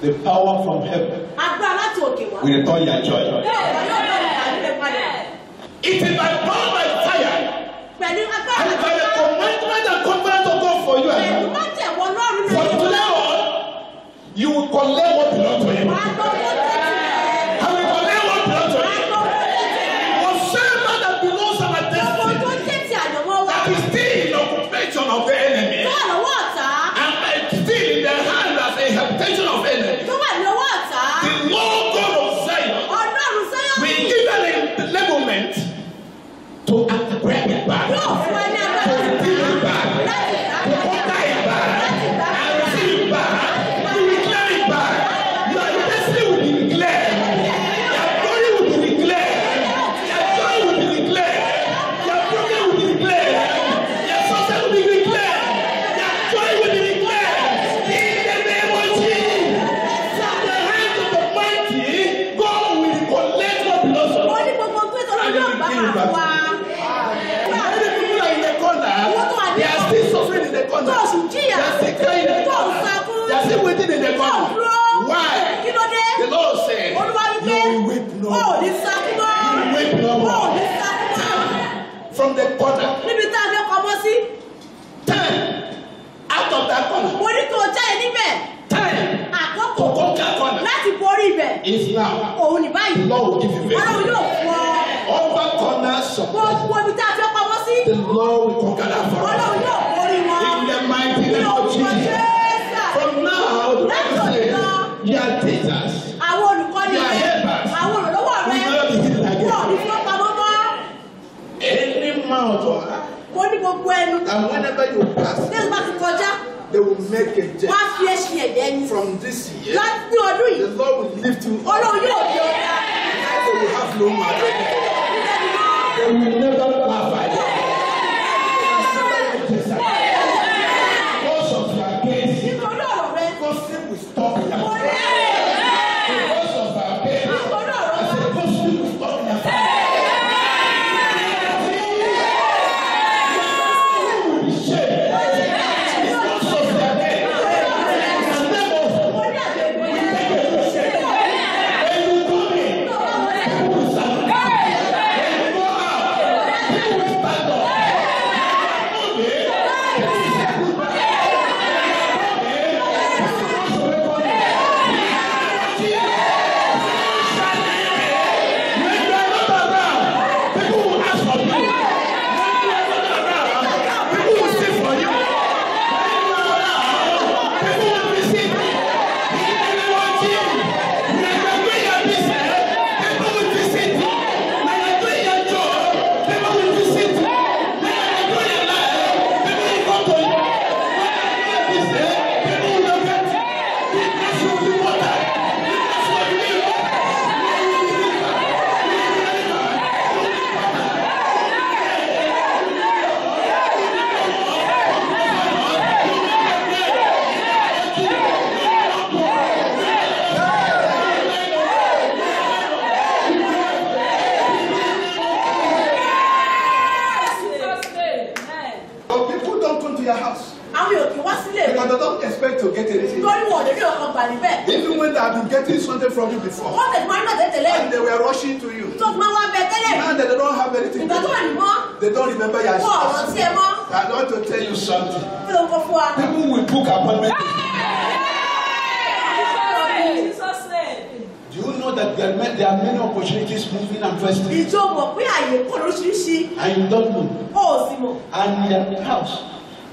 The power from heaven. Agbára We return your joy. It is by power by fire. Pẹ̀lú agbára láti òkè And by the commandment and covenant of God for you. Pẹ̀lú For today on, you will collect to act it back. God. in battle. Many people in the corner. They are still suffering in the corner. They are still crying in the corner. They are still waiting in the corner. Why? The Lord said, You will weep no more. You weep no more. from the corner. Turn out of that corner. Mo ní kí o jáde níbẹ̀. Àkókò. Kòkó ká corner. Láti borí ibẹ̀. Is now. Òun ní báyìí. The Lord will give you yóò fún the Lord will conquer that for us. In the mighty name of Jesus. From now, the Bible says, you are teachers. You are helpers. Àwọn olùdókòwò We will not be hit like this. Wọ́n ò Any mouth or eye. And whenever you pass. They will make a change. Wọ́n á fi ẹṣin From this year. Láti ọdún yìí. The Lord will lift you up. Ọlọ́run you. yọ ọ́. They will have no matter. They will never expect to get anything. torí wọn ò lè ọkàn gbà níbẹ̀. even when they have been getting something from you before. wọ́n tẹ̀sí máa ń tẹ̀lé tẹ̀lé. and they were rushing to you. tó fi máa wá bẹ tẹ́lẹ̀. now they don't have anything. ìgbà tó wà ní mọ́. they don't remember your story. wọ́n ọ̀rọ̀ sí ẹ mọ́. I want to tell you something. kí ló ń kọ́ fún wa. people will book appointment. Do you know that there are many, there are many opportunities moving and festing? Ìjọ mọ̀ pé àyè pọ̀ lóríṣiríṣi. And you don't know. O mọ̀. And your house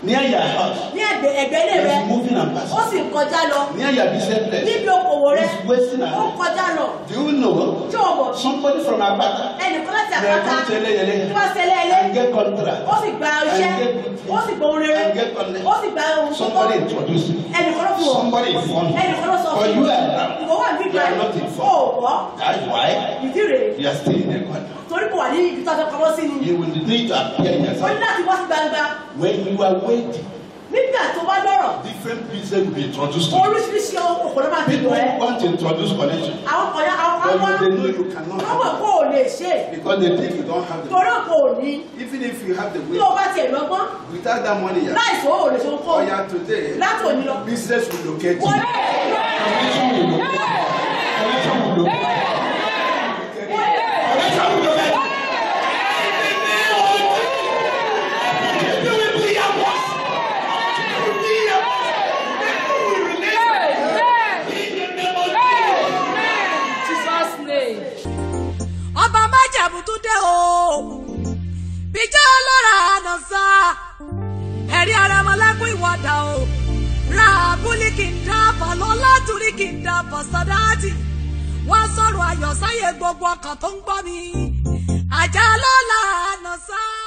ní àyà house. ní ẹgbẹ́ ẹgbẹ́lé rẹ ó sì kọjá lọ. ní àyà business place. níbi okòwò rẹ ó kọjá lọ. do you know. tí o bọ̀. somebody from Agbata. ẹnìkan láti Agbata. rẹ̀ tó tẹ́lẹ̀ yẹlẹ. tó bá tẹ́lẹ̀ yẹlẹ. and get contract. ó sì gba iṣẹ́. get ó sì gba orin rẹ. and contract. ó sì gba ohun tó tọ́. somebody introduce me. ẹnìkan ló fi wọ̀. somebody inform me. ẹnìkan ló sọ fún mi. you are ìwọ wà nígbà yẹn. you not informed. o wọ. that's why. ìdí rẹ̀. you are still in a contract. torí kò wà ní tá fẹ́ pamọ́ sí ni. you will need to appear in yourself. o ní láti wá sí gbangba. when you are waiting. nígbà tó bá lọ́rọ̀. different pieces will be introduced to you. oríṣiríṣi òkòló máa fi lọ ẹ. people want to introduce connection. àwọn ọ̀yà àwọn àwọn. but they know you cannot. àwọn kò lè ṣe. because they think you don't have the money. torí kò ní. even if you have the money, tí o bá tiẹ̀ lọ́gbọ́n. without that money yà. láìsọ o lè ṣe kó. ọ̀yà today. látòní lọ. business will locate you. wọlé. connection will locate you. connection will locate you. àbùtúndé o bíjá ọlọ́ra ànàsà ẹ̀rí aramọ́lẹ́kùn ìwọ́dà o ra abúlé kì í dáàbà lọ́lá torí kì í dáàbà sọ́dáàtì wọ́n sọ̀rọ̀ ayọ̀ sáyé gbogbo ọkàn tó ń gbọ́ mi àjà lọ́la